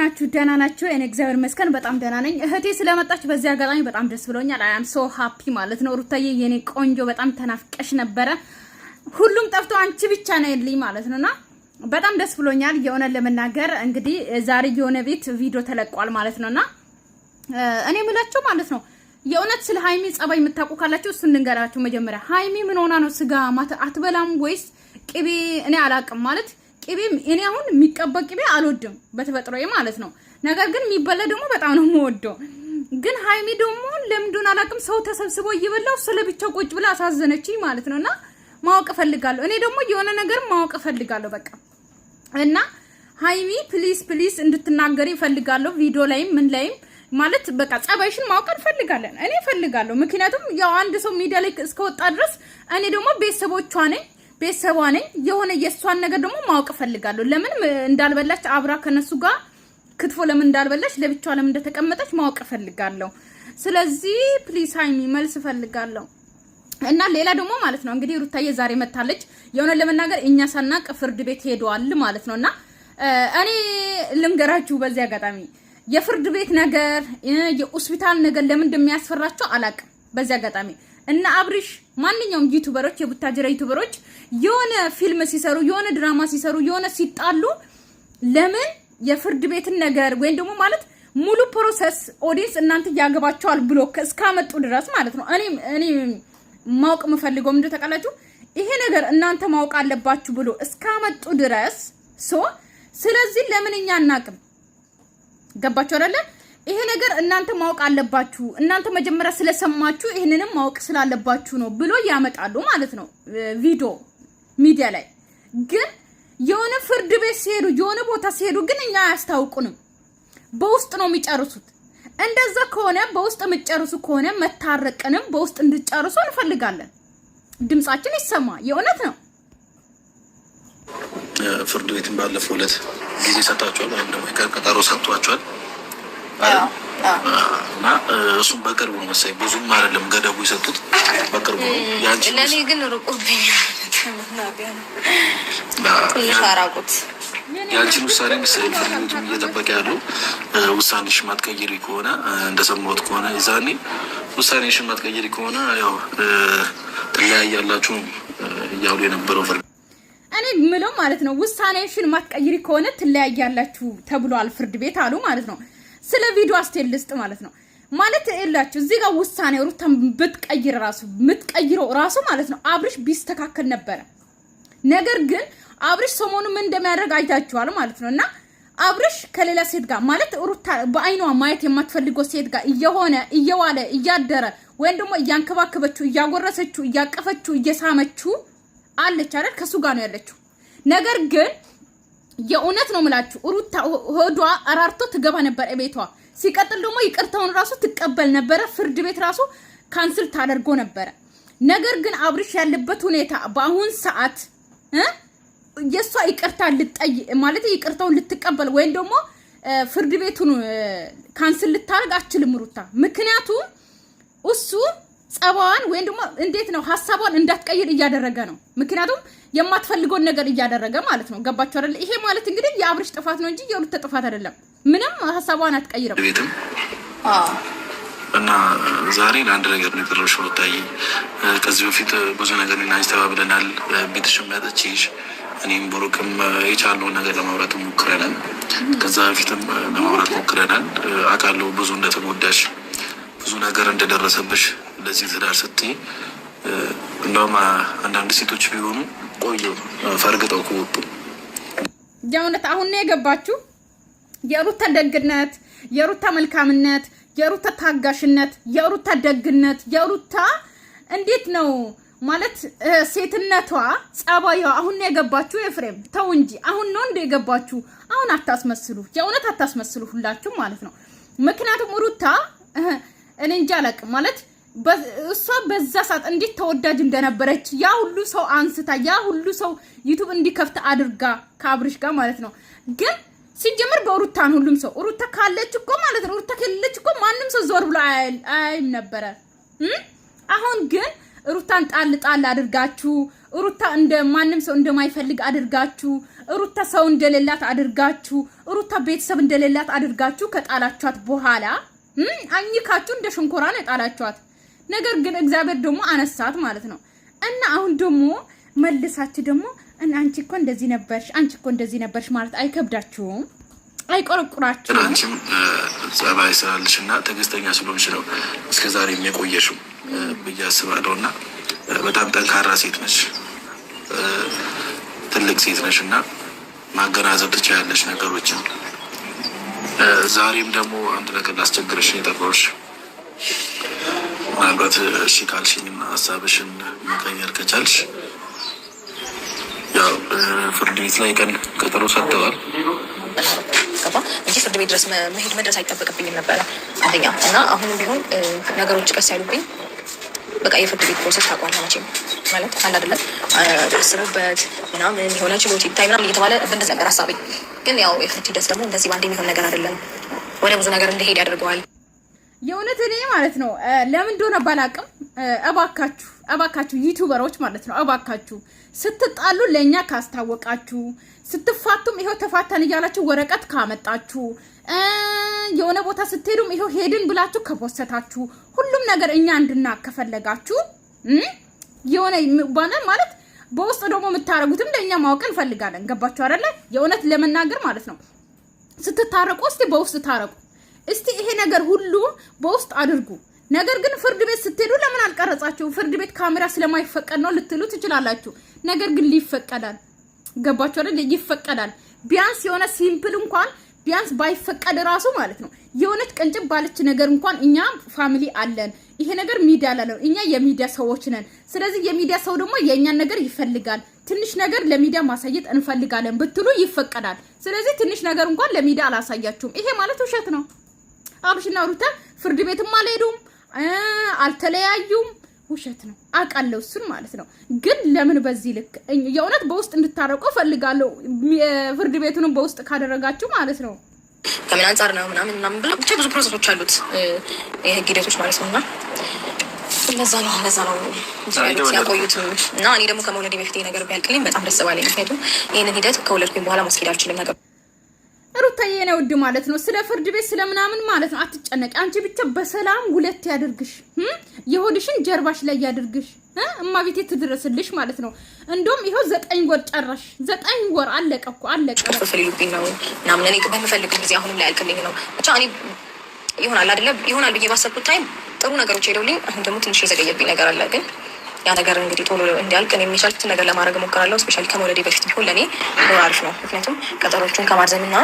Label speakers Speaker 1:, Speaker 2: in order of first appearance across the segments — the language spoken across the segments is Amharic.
Speaker 1: ናችሁ? ደህና ናችሁ? እኔ እግዚአብሔር ይመስገን በጣም ደህና ነኝ። እህቴ ስለመጣች በዚህ አጋጣሚ በጣም ደስ ብሎኛል። አይ አም ሶ ሃፒ ማለት ነው። ሩታዬ የኔ ቆንጆ በጣም ተናፍቀሽ ነበረ። ሁሉም ጠፍቶ አንቺ ብቻ ነው ያለኝ ማለት ነውና በጣም ደስ ብሎኛል። የሆነ ለመናገር እንግዲህ ዛሬ የሆነ ቤት ቪዲዮ ተለቋል ማለት ነውና እኔ የምላቸው ማለት ነው የእውነት ስለ ሃይሚ ጸባይ የምታውቁ ካላችሁ እሱን ልንገራችሁ። መጀመሪያ ሃይሚ ምን ሆና ነው ስጋ አትበላም ወይስ ቅቤ? እኔ አላውቅም ማለት ቅቤም እኔ አሁን የሚቀባ ቅቤ አልወድም በተፈጥሮ ማለት ነው። ነገር ግን የሚበላ ደግሞ በጣም ነው የምወደው። ግን ሀይሚ ደግሞ ለምንድን አላውቅም ሰው ተሰብስቦ እየበላው ስለብቻ ቁጭ ብላ አሳዘነችኝ ማለት ነው። እና ማወቅ እፈልጋለሁ እኔ ደግሞ የሆነ ነገር ማወቅ እፈልጋለሁ በቃ እና ሀይሚ ፕሊስ ፕሊስ እንድትናገር ይፈልጋለሁ። ቪዲዮ ላይም ምን ላይም ማለት በቃ ጸባይሽን ማወቅ እንፈልጋለን። እኔ እፈልጋለሁ፣ ምክንያቱም ያው አንድ ሰው ሚዲያ ላይ እስከወጣ ድረስ እኔ ደግሞ ቤተሰቦቿ ነኝ ቤተሰቧ ነኝ። የሆነ የእሷን ነገር ደግሞ ማወቅ እፈልጋለሁ። ለምን እንዳልበላች አብራ ከነሱ ጋር ክትፎ ለምን እንዳልበላች ለብቻዋ ለምን እንደተቀመጠች ማወቅ እፈልጋለሁ። ስለዚህ ፕሊስ ሀይሚ መልስ እፈልጋለሁ። እና ሌላ ደግሞ ማለት ነው እንግዲህ ሩታዬ ዛሬ መታለች። የሆነ ለመናገር እኛ ሳናቅ ፍርድ ቤት ሄደዋል ማለት ነው። እና እኔ ልንገራችሁ በዚህ አጋጣሚ የፍርድ ቤት ነገር የሆስፒታል ነገር ለምን እንደሚያስፈራቸው አላቅም። በዚህ አጋጣሚ እና አብርሽ ማንኛውም ዩቱበሮች የቡታጀራ ዩቱበሮች የሆነ ፊልም ሲሰሩ የሆነ ድራማ ሲሰሩ የሆነ ሲጣሉ ለምን የፍርድ ቤትን ነገር ወይም ደግሞ ማለት ሙሉ ፕሮሰስ ኦዲንስ እናንተ ያገባቸዋል ብሎ እስካመጡ ድረስ ማለት ነው። እኔ እኔ ማወቅ የምፈልገው ምንድን ተቃላችሁ ይሄ ነገር እናንተ ማወቅ አለባችሁ ብሎ እስካመጡ ድረስ ሶ ስለዚህ ለምን እኛ አናቅም? ገባችሁ አይደለ? ይሄ ነገር እናንተ ማወቅ አለባችሁ፣ እናንተ መጀመሪያ ስለሰማችሁ ይህንንም ማወቅ ስላለባችሁ ነው ብሎ ያመጣሉ ማለት ነው። ቪዲዮ ሚዲያ ላይ ግን የሆነ ፍርድ ቤት ሲሄዱ የሆነ ቦታ ሲሄዱ ግን እኛ አያስታውቁንም። በውስጥ ነው የሚጨርሱት። እንደዛ ከሆነ በውስጥ የምትጨርሱ ከሆነ መታረቅንም በውስጥ እንድጨርሱ እንፈልጋለን። ድምጻችን ይሰማ። የእውነት ነው።
Speaker 2: ፍርድ ቤትም ባለፈው ዕለት ጊዜ ሰጣችኋል ወይም ደግሞ ቀጠሮ ሰጥቷችኋል
Speaker 3: እና
Speaker 2: እሱም በቅርቡ ነው መሰለኝ፣ ብዙም አይደለም ገደቡ የሰጡት በቅርቡ ነው።
Speaker 3: ለእኔ ግን ርቆብኛል፣ ትንሽ
Speaker 2: ያንቺን ውሳኔ መሰለኝ ፍላጎቱም እየጠበቀ ያለው ሽማት ቀይሪ ከሆነ እንደሰማሁት ከሆነ ውሳኔ ሽማት ቀይሪ ከሆነ ያው ትለያያላችሁ እያሉ የነበረው ፍርድ
Speaker 1: እኔ ምለው ማለት ነው ውሳኔ ሽማት ቀይሪ ከሆነ ትለያያላችሁ ተብሏል፣ ፍርድ ቤት አሉ ማለት ነው። ስለ ቪዲዮ አስቴል ልስጥ ማለት ነው ማለት የላችሁ እዚህ ጋር ውሳኔ ሩታ ብትቀይር ራሱ የምትቀይረው ራሱ ማለት ነው አብርሽ ቢስተካከል ነበረ። ነገር ግን አብርሽ ሰሞኑ ምን እንደሚያደርግ አይታችኋል ማለት ነው እና አብርሽ ከሌላ ሴት ጋር ማለት ሩታ በአይኗ ማየት የማትፈልገው ሴት ጋር እየሆነ እየዋለ እያደረ ወይም ደግሞ እያንከባከበችው እያጎረሰችው እያቀፈችው እየሳመችው አለች አይደል? ከሱ ጋር ነው ያለችው ነገር ግን የእውነት ነው ምላችሁ ሩታ ሆዷ አራርቶ ትገባ ነበር ቤቷ። ሲቀጥል ደግሞ ይቅርታውን ራሱ ትቀበል ነበረ። ፍርድ ቤት ራሱ ካንስል ታደርጎ ነበረ። ነገር ግን አብርሽ ያለበት ሁኔታ በአሁን ሰዓት የእሷ ይቅርታ ልጠይ ማለት ይቅርታውን ልትቀበል ወይም ደግሞ ፍርድ ቤቱን ካንስል ልታደርግ አችልም ሩታ። ምክንያቱም እሱ ጸባዋን ወይም ደግሞ እንዴት ነው ሀሳቧን እንዳትቀይር እያደረገ ነው። ምክንያቱም የማትፈልገውን ነገር እያደረገ ማለት ነው። ገባችሁ አይደለ? ይሄ ማለት እንግዲህ የአብርሽ ጥፋት ነው እንጂ የሁለት ጥፋት አይደለም። ምንም ሀሳቧን
Speaker 2: አትቀይርም። ቤትም እና ዛሬ ለአንድ ነገር ነው የጠራሁሽ ወታይ። ከዚህ በፊት ብዙ ነገር ና ተባብለናል። ቤትሽም ያጠችሽ እኔም ብሩክም የቻለውን ነገር ለማውራት ሞክረናል። ከዛ በፊትም ለማውራት ሞክረናል። አውቃለሁ ብዙ እንደተጎዳሽ ብዙ ነገር እንደደረሰብሽ ለዚህ ትዳር ስትይ እንደውም አንዳንድ ሴቶች ቢሆኑ ቆዩ ፈርግጠው ከወጡ
Speaker 1: የእውነት አሁን ነው የገባችሁ። የሩታ ደግነት፣ የሩታ መልካምነት፣ የሩታ ታጋሽነት፣ የሩታ ደግነት፣ የሩታ እንዴት ነው ማለት ሴትነቷ ጸባይዋ አሁን ነው የገባችሁ። ኤፍሬም ተው እንጂ አሁን ነው እንደ የገባችሁ። አሁን አታስመስሉ፣ የእውነት አታስመስሉ ሁላችሁ ማለት ነው። ምክንያቱም ሩታ እኔ እንጃ አላቅም ማለት እሷ በዛ ሰዓት እንዴት ተወዳጅ እንደነበረች ያ ሁሉ ሰው አንስታ ያ ሁሉ ሰው ዩቱብ እንዲከፍት አድርጋ ከአብርሽ ጋር ማለት ነው። ግን ሲጀምር በሩታን ሁሉም ሰው ሩታ ካለች እኮ ማለት ነው ሩታ ከሌለች እኮ ማንም ሰው ዞር ብሎ አያይም ነበረ። አሁን ግን ሩታን ጣል ጣል አድርጋችሁ ሩታ እንደ ማንም ሰው እንደማይፈልግ አድርጋችሁ ሩታ ሰው እንደሌላት አድርጋችሁ ሩታ ቤተሰብ እንደሌላት አድርጋችሁ ከጣላችኋት በኋላ አኝካችሁ እንደ ሽንኮራ ነው የጣላችኋት። ነገር ግን እግዚአብሔር ደግሞ አነሳት ማለት ነው። እና አሁን ደግሞ መልሳችሁ ደግሞ አንቺ እኮ እንደዚህ ነበርሽ፣ አንቺ እኮ እንደዚህ ነበርሽ ማለት አይከብዳችሁም? አይቆረቁራችሁም?
Speaker 2: አንቺም ጸባይ ስላለሽ እና ትዕግስተኛ ስለሆንሽ ነው እስከ እስከዛሬ የቆየሽው ብዬ አስባለሁ። እና በጣም ጠንካራ ሴት ነች፣ ትልቅ ሴት ነች እና ማገናዘብ ትችያለሽ ነገሮችን። ዛሬም ደግሞ አንድ ነገር ላስቸግረሽ የጠራሁሽ ምናልባት እሺ ካልሽኝ ካልሽኝና ሀሳብሽን መቀየር ከቻልሽ ያው ፍርድ ቤት ላይ ቀን ቀጠሮ ሰጥተዋል
Speaker 3: እንጂ ፍርድ ቤት ድረስ መሄድ መድረስ አይጠበቅብኝም ነበረ አንደኛ እና አሁንም ቢሆን ነገሮች ቀስ ያሉብኝ በቃ የፍርድ ቤት ፕሮሰስ ታቋል መቼም ማለት አንድ አደለም ስሩበት ምናምን የሆነ ችሎት ይታይ ምናምን እየተባለ በእንደዚህ ነገር ሀሳቤ ግን ያው የፍርድ ሂደት ደግሞ እንደዚህ በአንድ የሚሆን ነገር አይደለም። ወደ ብዙ ነገር እንደሄድ ያደርገዋል።
Speaker 1: የእውነት እኔ ማለት ነው ለምን እንደሆነ ባላቅም፣ እባካችሁ እባካችሁ ዩቱበሮች ማለት ነው እባካችሁ ስትጣሉ ለእኛ ካስታወቃችሁ፣ ስትፋቱም ይኸው ተፋተን እያላችሁ ወረቀት ካመጣችሁ፣ የሆነ ቦታ ስትሄዱም ይኸው ሄድን ብላችሁ ከፖሰታችሁ፣ ሁሉም ነገር እኛ እንድና ከፈለጋችሁ የሆነ ባለን ማለት በውስጥ ደግሞ የምታደርጉትም ለእኛ ማወቅ እንፈልጋለን። ገባችሁ አደለ? የእውነት ለመናገር ማለት ነው ስትታረቁ፣ እስቲ በውስጥ ታረቁ እስቲ ይሄ ነገር ሁሉ በውስጥ አድርጉ። ነገር ግን ፍርድ ቤት ስትሄዱ ለምን አልቀረጻችሁ? ፍርድ ቤት ካሜራ ስለማይፈቀድ ነው ልትሉ ትችላላችሁ። ነገር ግን ሊፈቀዳል። ገባችሁ አይደል? ይፈቀዳል። ቢያንስ የሆነ ሲምፕል እንኳን ቢያንስ ባይፈቀድ ራሱ ማለት ነው የሆነች ቅንጭብ ባለች ነገር እንኳን እኛ ፋሚሊ አለን። ይሄ ነገር ሚዲያ ላይ ነው። እኛ የሚዲያ ሰዎች ነን። ስለዚህ የሚዲያ ሰው ደግሞ የእኛን ነገር ይፈልጋል። ትንሽ ነገር ለሚዲያ ማሳየት እንፈልጋለን ብትሉ ይፈቀዳል። ስለዚህ ትንሽ ነገር እንኳን ለሚዲያ አላሳያችሁም። ይሄ ማለት ውሸት ነው። አብርሽና ሩታ ፍርድ ቤትም አልሄዱም፣ አልተለያዩም። ውሸት ነው አውቃለሁ፣ እሱን ማለት ነው። ግን ለምን በዚህ ልክ የእውነት በውስጥ እንድታረቁ እፈልጋለሁ። ፍርድ ቤቱንም በውስጥ ካደረጋችሁ ማለት
Speaker 3: ነው። ከምን አንጻር ነው ምናምን ምናምን ብለው ብቻ ብዙ ፕሮሰሶች አሉት የህግ ሂደቶች ማለት ነው እና ለዛ ነው ለዛ ነው ያቆዩት እና እኔ ደግሞ ከመውለድ በፊት ነገር ቢያልቅልኝ በጣም ደስ ባለኝ። ምክንያቱም ይህንን ሂደት ከወለድኩኝ በኋላ ማስኬድ አልችልም ነገር
Speaker 1: ሩታዬ የኔ ውድ ማለት ነው ስለ ፍርድ ቤት ስለምናምን ማለት ነው አትጨነቂ። አንቺ ብቻ በሰላም ሁለት ያድርግሽ፣ የሆድሽን ጀርባሽ ላይ ያድርግሽ። እማቤቴ ትድረስልሽ ማለት ነው። እንደውም ይኸው ዘጠኝ ወር ጨረሽ። ዘጠኝ ወር አለቀ እኮ
Speaker 3: አለቀ። ሊሉብኝ ነው ምናምን እኔ በምፈልግ ጊዜ አሁንም ላይ አልክልኝ ነው ብቻ እኔ ይሆናል አይደለ ይሆናል ብዬ ባሰብኩት ታይም ጥሩ ነገሮች ሄደውልኝ፣ አሁን ደግሞ ትንሽ የዘገየብኝ ነገር አለ ግን ያ ነገር እንግዲህ ቶሎ እንዲያልቅ እኔ የሚቻልኩትን ነገር ለማድረግ እሞክራለሁ። ስፔሻሊ ከመውለዴ በፊት ቢሆን ለእኔ ኖር አሪፍ ነው። ምክንያቱም ቀጠሮቹን ከማርዘምና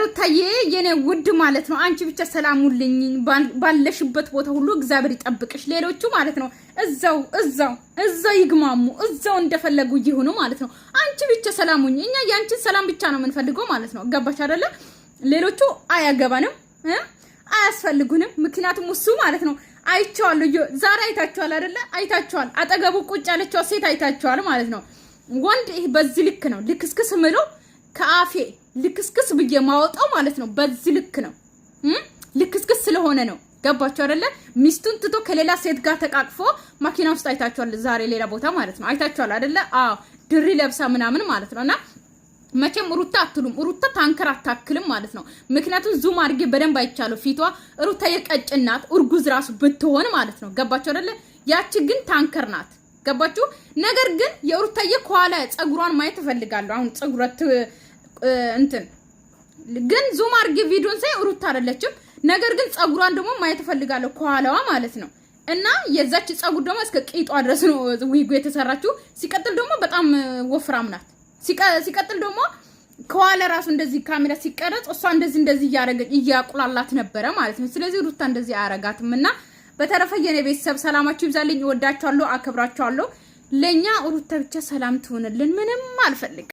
Speaker 1: ሩታዬ የኔ ውድ ማለት ነው። አንቺ ብቻ ሰላሙልኝ ባለሽበት ቦታ ሁሉ እግዚአብሔር ይጠብቅሽ። ሌሎቹ ማለት ነው እዛው እዛው እዛው ይግማሙ፣ እዛው እንደፈለጉ ይሁኑ ማለት ነው። አንቺ ብቻ ሰላሙኝ። እኛ የአንቺን ሰላም ብቻ ነው የምንፈልገው ማለት ነው። ገባች አይደለም? ሌሎቹ አያገባንም፣ አያስፈልጉንም። ምክንያቱም እሱ ማለት ነው አይቸዋል። ዛሬ አይታችኋል አይደለ? አይታችኋል። አጠገቡ ቁጭ ያለችዋ ሴት አይታችኋል ማለት ነው። ወንድ ይህ በዚህ ልክ ነው። ልክስክስ ምሎ ከአፌ ልክስክስ ብዬ ማወጣው ማለት ነው። በዚህ ልክ ነው። ልክስክስ ስለሆነ ነው። ገባችሁ አይደለ? ሚስቱን ትቶ ከሌላ ሴት ጋር ተቃቅፎ መኪና ውስጥ አይታችኋል። ዛሬ ሌላ ቦታ ማለት ነው። አይታችኋል አይደለ? አዎ ድሪ ለብሳ ምናምን ማለት ነው እና መቼም ሩታ አትሉም። ሩታ ታንከር አታክልም ማለት ነው። ምክንያቱም ዙም አድርጌ በደንብ አይቻለሁ። ፊቷ ሩታ የቀጭናት እርጉዝ ራሱ ብትሆን ማለት ነው። ገባችሁ አይደለ? ያቺ ግን ታንከር ናት። ገባችሁ? ነገር ግን የሩታዬ ከኋላ ፀጉሯን ማየት እፈልጋለሁ። አሁን ፀጉረት እንትን ግን ዙም አድርጌ ቪዲዮን ሳይ ሩታ አይደለችም። ነገር ግን ፀጉሯን ደግሞ ማየት እፈልጋለሁ ከኋላዋ ማለት ነው። እና የዛች ፀጉር ደግሞ እስከ ቂጧ ድረስ ነው ዊጎ የተሰራችው። ሲቀጥል ደግሞ በጣም ወፍራም ናት። ሲቀጥል ደግሞ ከኋላ ራሱ እንደዚህ ካሜራ ሲቀረጽ እሷ እንደዚህ እንደዚህ እያደረገች እያቁላላት ነበረ ማለት ነው። ስለዚህ ሩታ እንደዚህ አያረጋትም እና በተረፈ የኔ ቤተሰብ ሰላማችሁ ይብዛልኝ። እወዳችኋለሁ፣ አከብራችኋለሁ። ለእኛ ሩታ ብቻ ሰላም ትሆንልን፣ ምንም አልፈልግም።